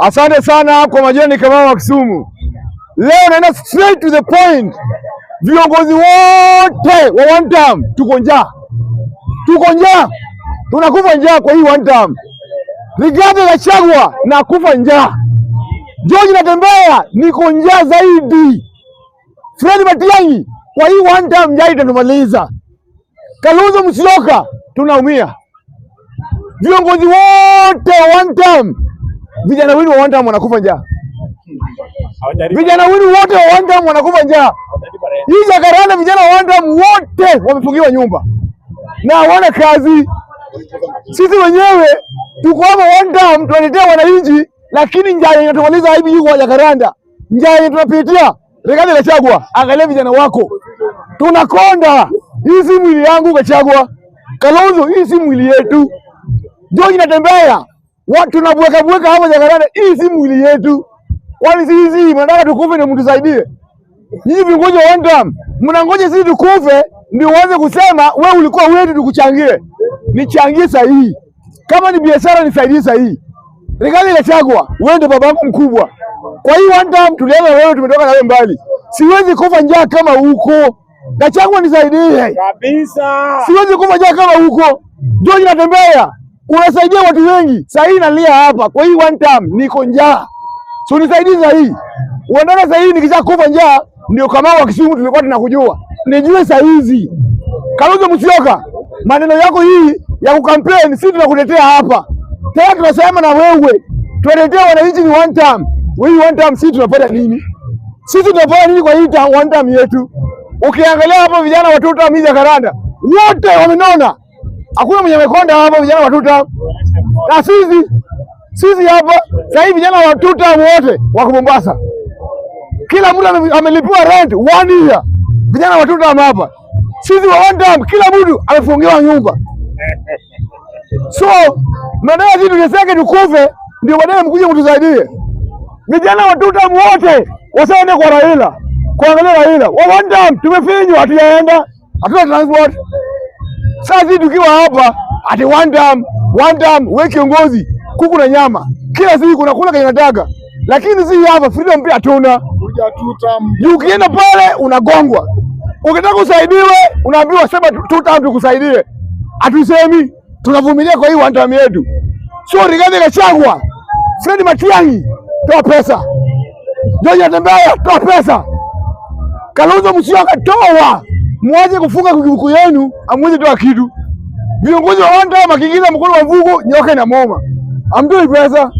Asante sana kwa majirani kama wa Kisumu. Leo naenda straight to the point. Viongozi wote wa one term tuko njaa, tuko njaa, tunakufa njaa kwa hii one term. Rigathi Gachagua na kufa njaa, George natembea niko njaa zaidi, Fred Matiang'i kwa hii one term njaa itatumaliza. Kalonzo Musyoka tunaumia, viongozi wote one term Vijana wenu wa one time wanakufa njaa, vijana wenu wote wa one time wanakufa njaa. Hii Jacaranda vijana wa one time wote wamefungiwa nyumba na hawana kazi. Sisi wenyewe tuko hapa one time tunaletea wananchi, lakini njaa yenye hivi yuko wa Jacaranda, njaa yenye tunapitia Rigathi Gachagua, angalia vijana wako tunakonda. Hii si mwili yangu Gachagua, Kalonzo, hii si mwili yetu, ndio inatembea watu tunabweka bweka hapo Jakaranda. Hii si mwili yetu, kwani sisi mnataka tukufe ndio mtusaidie? Nyinyi vingoja wandam, mnangoja sisi tukufe ndio uanze kusema we ulikuwa wetu tukuchangie? Nichangie sahihi, kama ni biashara nisaidie sahihi. Rigali la chagwa, wewe ndio babangu mkubwa, kwa hiyo wandam, tulianza wewe, tumetoka na wewe mbali. Siwezi kufa njaa kama huko na chagwa nisaidie kabisa, siwezi kufa njaa kama huko. Ndio natembea unasaidia watu wengi. Saa hii nalia hapa kwa hii one time, niko njaa, so nisaidie saa hii. Unaona saa hii nikisha kufa njaa, ndio kama wa Kisumu tulikuwa tunakujua, nijue saa hizi Kalonzo Musyoka, maneno yako hii ya kukampeni, si tunakutetea hapa tena, tunasema na wewe tuwaletea wananchi ni one time. We one time sisi tunapata nini? Sisi tunapata nini kwa hii one time yetu? Ukiangalia hapa vijana watoto wa Karanda wote wamenona hakuna mwenye mekonda hapa, vijana watuta na sisi sisi hapa sasa hivi vijana watuta wote wa Mombasa, kila mtu amelipiwa rent one year. Vijana watuta hapa sisi wa one time, kila mtu amefungiwa nyumba, so mnataka sisi tuteseke tukufe ndio baadaye mkuje mtusaidie. Vijana watuta wote wasaende kwa Raila kuangalia Raila wa one time, tumefinywa, hatujaenda hatuna transport sasa tukiwa hapa ati one dam, one dam, wewe kiongozi, kuku na nyama kila siku kuna kula kenye nataka, lakini sisi hapa freedom pia hatuna. Ukienda pale unagongwa, ukitaka usaidiwe unaambiwa sema two time tukusaidie. Hatusemi, tunavumilia kwa hii one dam yetu. So Rigathi Gachagua, Fred Matiang'i, toa pesa. George Natembeya, toa pesa. Kalonzo Musyoka, toa mwaje kufunga kukivuko yenu, amweze toa kitu. Viongozi wa wanda makingiza mkono wa vugu nyoka na moma amtoi pesa